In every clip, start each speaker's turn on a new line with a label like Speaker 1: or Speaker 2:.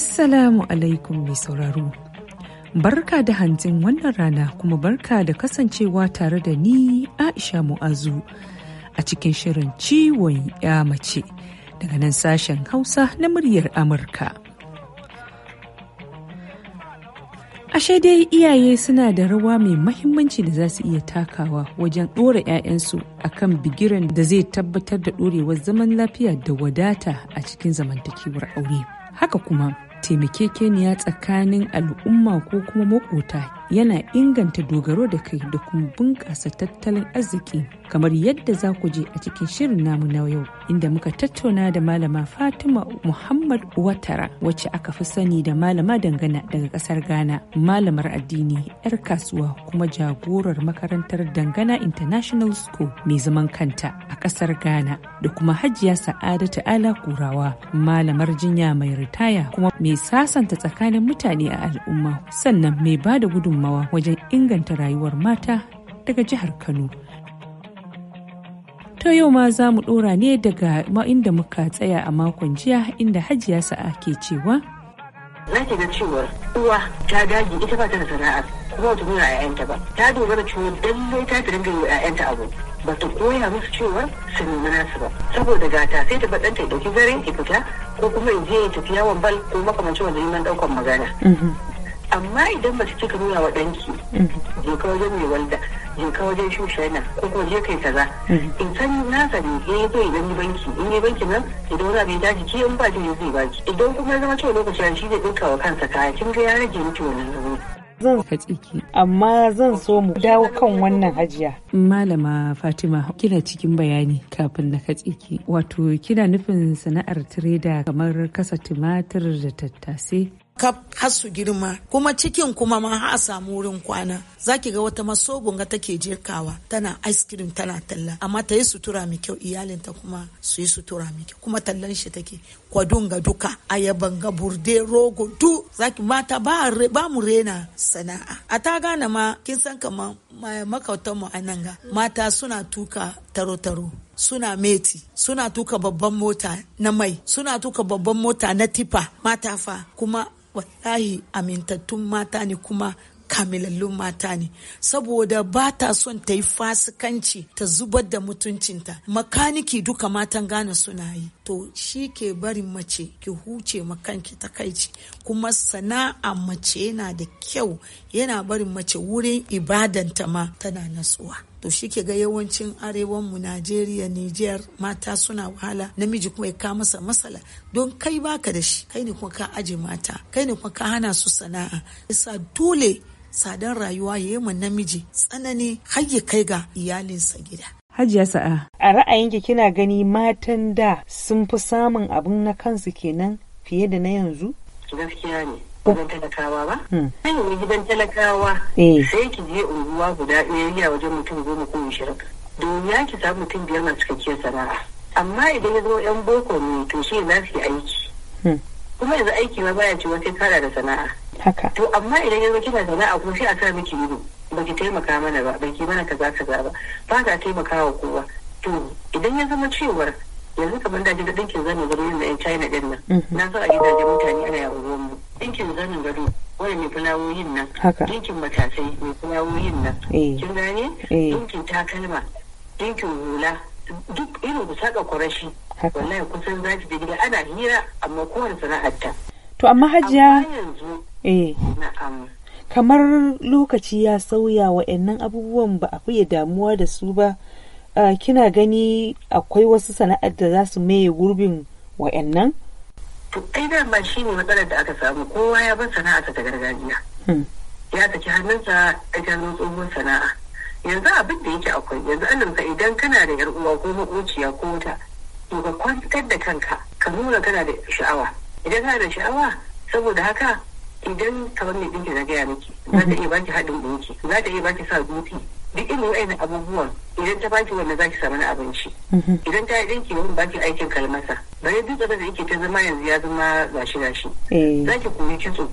Speaker 1: Assalamu alaikum mai sauraro. Barka da hantin wannan rana kuma barka da kasancewa tare da ni Aisha Mu'azu a cikin shirin ciwon ya mace daga nan sashen Hausa na muryar Amurka. Ashe dai iyaye suna da rawa mai mahimmanci da za su iya takawa wajen ɗora 'ya'yansu a kan bigiran da zai tabbatar da ɗorewar zaman lafiya da wadata a cikin zamantakewar aure. Haka kuma taimakekeniya tsakanin al'umma ko kuma makota yana inganta dogaro da kai da kuma bunƙasa tattalin arziki kamar yadda za ku je a cikin shirin namu na yau inda muka tattauna da malama Fatima Muhammad Watara wacce aka fi sani da malama dangana daga kasar Ghana malamar addini 'yar kasuwa kuma jagorar makarantar dangana International School mai zaman kanta a kasar Ghana da kuma Hajiya Sa'adatu Ala Kurawa malamar jinya mai ritaya kuma mai sasanta tsakanin mutane a al'umma sannan mai ba da gudunmawa wajen inganta rayuwar mata daga jihar Kano. To yau ma za mu ɗora ne daga inda muka tsaya a makon jiya inda hajiya sa'a ke cewa.
Speaker 2: Za ki ga cewar uwa ta dage ita ba ta da sana'a kuma ta nuna 'ya'yanta ba. Ta dogara cewa lallai ta ta dinga yi 'ya'yanta abu. Ba ta koya musu cewar su nemi nasu ba. Saboda gata sai ta baɗanta ya ɗauki zare ta fita ko kuma in je ya tafi yawon bal ko makamancin wanda neman ɗaukar magana. Mhm. Amma idan ba ta cika nuna wa ɗanki. dokar mhm. zan wajen walda. ka wajen shushe ko kuma je kai kaza mm. in san na sani eh, yi zai gani banki in yi banki nan idan wani abin daji ke in ba ki zai ba idan kuma zama cewa lokaci shi zai ɗauka wa kansa kaya
Speaker 1: kin ga ya rage mutu wannan zama zan faci ki amma zan so mu dawo kan wannan hajiya malama fatima kina cikin bayani kafin na katse ki wato kina nufin sana'ar tireda kamar kasa tumatir da tattasai
Speaker 3: kaf har su girma kuma cikin kuma ma har a samu wurin kwana za ki ga wata masogon ga take jirkawa tana ice cream tana talla amma ta yi sutura mai kyau iyalinta kuma su yi sutura mai kyau kuma tallan shi take kwadon ga duka ayaban ga burde rogo du zaki mata ba ba mu rena sana'a a ta gane ma kin san kamar makautan mu nan ga mata suna tuka taro taro suna meti suna tuka babban mota na mai suna tuka babban mota na tifa mata fa kuma wallahi amintattun mata ne kuma kamilallun mata ne saboda ba ta son ta yi fasikanci ta zubar da mutuncinta makaniki duka matan gane suna yi to shi ke barin mace ki huce makanki takaici kuma sana'a mace yana da kyau yana barin mace wurin ibadanta ma tana natsuwa to shi ke ga yawancin arewan mu Najeriya Nijar mata suna wahala namiji kuma ya ka masa masala don kai baka da shi kai ne kuma ka aje mata kai ne kuma ka hana su sana'a yasa dole sadan rayuwa ya yi namiji tsanani har ya kai ga iyalinsa gida Hajiya Sa'a. A
Speaker 1: ra'ayinki kina gani matan da sun fi samun abin na kansu kenan fiye da na yanzu? Gaskiya ne. gidan
Speaker 2: talakawa ba sai hmm. mu gidan talakawa eh. sai ki je unguwa guda ɗaya ya wajen mutum goma ko ishirin domin ya ki samu mutum biyar masu cikakkiyar sana'a amma idan ya zama yan boko ne to shi na su aiki hmm. kuma yanzu aiki ma baya cewa sai kara da sana'a haka to amma idan ya zama kina sana'a kuma sai a sa miki ido ba ki taimaka mana ba ba ki mana kaza kaza ba ba ka taimaka wa kowa to idan ya zama cewar yanzu kamar da ɗinkin zane zama yin da yan china din nan hmm. na so a gidajen mutane ana yawon mu dinkin zanin gado wani fulawoyin nan dinkin matasai mai fulawoyin nan eh. kin gane dinkin eh. takalma dinkin hula duk irin ku saka kwarashi wallahi kusan za ki gida ana hira amma kowane ta
Speaker 1: to amma hajiya eh na'am kamar lokaci ya sauya wa'annan abubuwan ba a fiye damuwa da su ba ah, kina gani akwai wasu sana'ar da za su maye gurbin wa'annan?
Speaker 2: to ai dama shi ne matsalar da aka samu kowa ya bar sana'a ta gargajiya hmm. ya saki hannunsa a hannun tsohon sana'a yanzu abin da yake akwai yanzu nan idan kana da yar uwa ko makociya ko wata to ka kwantar da kanka ka nuna kana da sha'awa idan kana da sha'awa saboda haka idan kamar mai dinki na gaya miki za ta hmm. iya baki haɗin dinki za ta iya baki sa dutse duk irin wa'annan abubuwan idan ta baki wanda zaki samu na abinci mhm. idan ta yi dinki wani baki aikin kalmasa bare duk da yake ta zama yanzu ya zama gashi gashi eh. zaki koyi kitso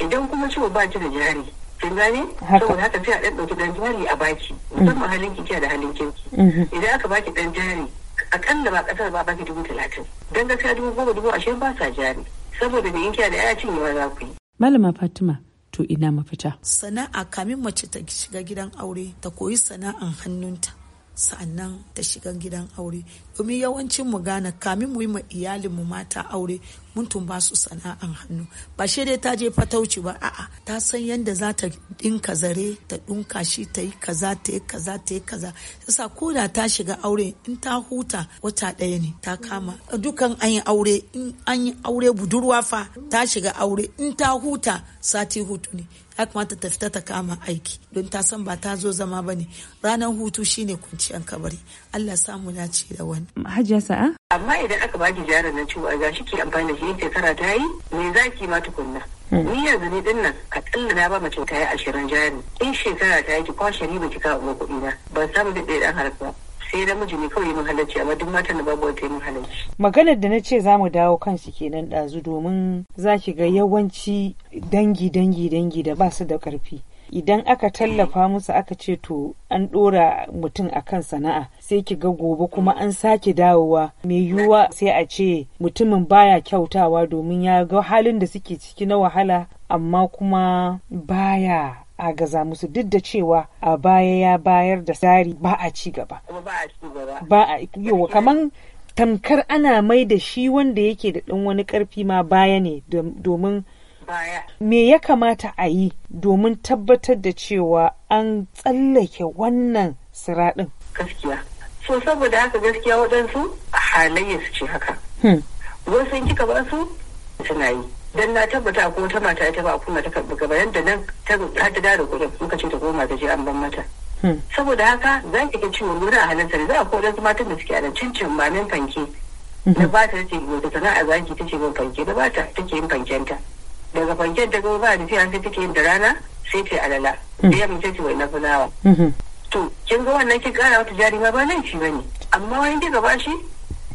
Speaker 2: idan kuma ciwo ba ki da jari kin gane saboda haka sai a dan ɗauki dan jari a baki mhm. musamman halin ki da halin kinki mhm. idan aka baki ɗan jari akalla ba kasar ba baki dubu
Speaker 3: talatin dan gaskiya dubu goma dubu ashirin ba sa jari saboda da yanki da yaya ba za ku yi
Speaker 1: malama fatima to ina mafita
Speaker 3: sana'a kamin mace ta shiga gidan aure ta koyi sana'an hannunta sa'annan ta shiga gidan aure domin yawancin mu gane kamin mu yi ma iyalin mu mata aure mun ba su sana'an hannu ba shi dai ta je fatauci ba a'a ta san yadda za ta dinka zare ta dinka shi ta yi kaza ta yi kaza ta yi kaza yasa ko da ta shiga aure in ta huta wata ɗaya ne ta kama dukan an yi aure in an yi aure budurwa fa ta shiga aure in ta huta sati hutu ne ya kamata ta fita ta kama aiki don ta san ba ta zo zama ba ne ranar hutu shine kunciyan kabari Allah samu ce da wani. Hajiya sa'a. Amma
Speaker 2: idan aka baki jarin na ciwo a shi ke amfani da shi in shekara ta yi me zaki ma tukunna hmm. ni yanzu ni din nan akalla na ba mace ta yi ashirin jari in shekara ta yi ki kwashe ni ba ki kawo kuɗi na ban samu da ɗaya ɗan harka sai namiji ne kawai mun halarci amma duk matan da babu wata mun halarci.
Speaker 1: Maganar da na ce za mu dawo kan shi kenan ɗazu domin za ki ga yawanci dangi dangi dangi da ba su da ƙarfi. idan aka tallafa musu aka ce to an ɗora mutum akan sana'a sai ki ga gobe kuma an sake dawowa mai yiwuwa sai a ce mutumin baya kyautawa domin ya ga halin da suke ciki na wahala amma kuma baya a gaza musu duk da cewa a baya ya bayar da tsari ba a ci gaba ba a yiwuwa kaman tamkar ana mai da shi wanda yake da ɗan wani ƙarfi ma baya ne domin baya. Me ya kamata a yi domin tabbatar da cewa an tsallake wannan siraɗin? Gaskiya.
Speaker 2: So saboda haka gaskiya waɗansu halayya su ce haka. Hmm. Wasu kika ba su suna yi. Dan na tabbata ko ta mata ita ba kuma ta karɓi gaba yadda nan ta ta da gurin muka ce ta koma ta je an ban mata. Hmm. Saboda haka za ki cewa wurin a halarta za a ko waɗansu matan da suke a nan cincin min fanke. Na hmm. ba ta ce ta sana'a za ki ta ce min fanke na ba ta take yin fankenta. daga kwanciyar ta gaba ba da jiya ta take yin da rana sai yi alala da mm. yamma ce wai na fulawa mm-hmm. to kin ga wannan kin kara wata jarima ma ba nan shi bane amma wani kika ba shi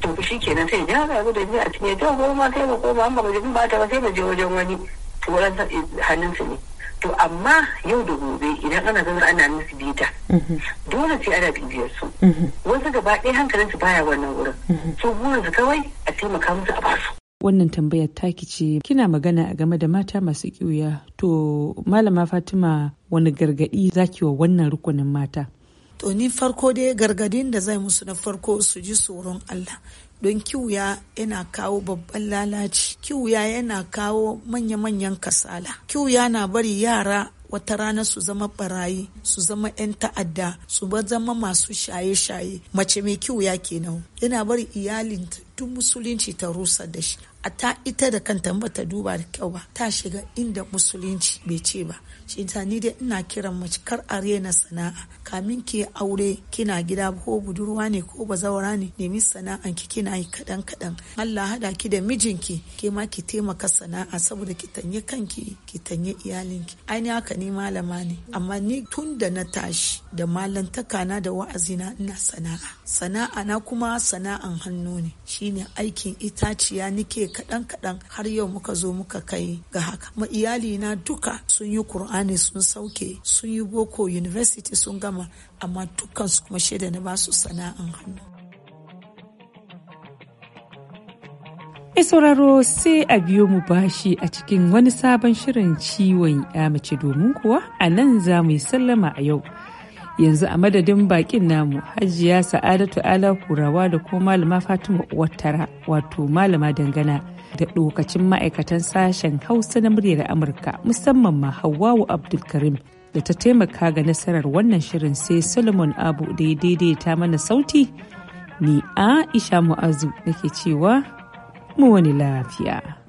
Speaker 2: to shi kenan sai ya ga da ni a cikin ya jawo ma kai ba koma amma ba ba ta ba sai ba je wajen wani to wannan eh, hannun su ne to amma yau da gobe idan ana ganin ana musu bita mm-hmm. dole sai ana bibiyar su mm-hmm. wasu gaba ɗaya hankalinsu su baya wannan wurin su burin su kawai a taimaka musu a basu
Speaker 1: wannan tambayar taki ce kina magana a game da mata masu ƙiwuya to malama fatima wani gargaɗi zaki wa wannan rukunin mata
Speaker 3: to ni farko dai gargadin da zai musu na farko su ji tsoron allah don kiwuya yana kawo babban lalaci kiwuya yana kawo manya-manyan kasala kiwuya na bari yara wata rana su zama barayi su zama 'yan ta'adda su zama masu shaye-shaye mace mai kiwuya kenan yana bari iyalin tun musulunci ta rusa da shi a ta ita da kanta ba ta duba da kyau ba ta shiga inda musulunci bai ce ba shi ta ni dai ina kiran mace kar a rena sana'a kamin ki aure kina gida ko budurwa ne ko bazawara ne nemi sana'a ki kina yi kadan kadan Allah hada ki da mijinki ke ma ki taimaka sana'a saboda ki tanye kanki ki tanye iyalinki ai haka ni malama ne amma ni tun da na tashi da malantaka na da wa'azina ina sana'a sana'a na kuma sana'an hannu ne shine aikin itaciya nike kaɗan kaɗan har yau muka zo muka kai ga haka ma iyali na duka sun yi kur'ani sun sauke sun yi boko university sun gama amma dukkan su kuma shaida na ba su sana'an hannu
Speaker 1: Mai sauraro sai a biyo mu bashi a cikin wani sabon shirin ciwon ya mace domin kuwa a nan za mu yi sallama a yau. yanzu a madadin bakin namu hajiya sa'adatu ala kurawa da kuma malama fatima wattara wato malama dangana da lokacin ma'aikatan sashen hausa na muryar amurka musamman ma hawawu abdulkarim da ta taimaka ga nasarar wannan shirin sai solomon abu da ya daidaita mana sauti ni aisha mu'azu nake cewa mu wani lafiya.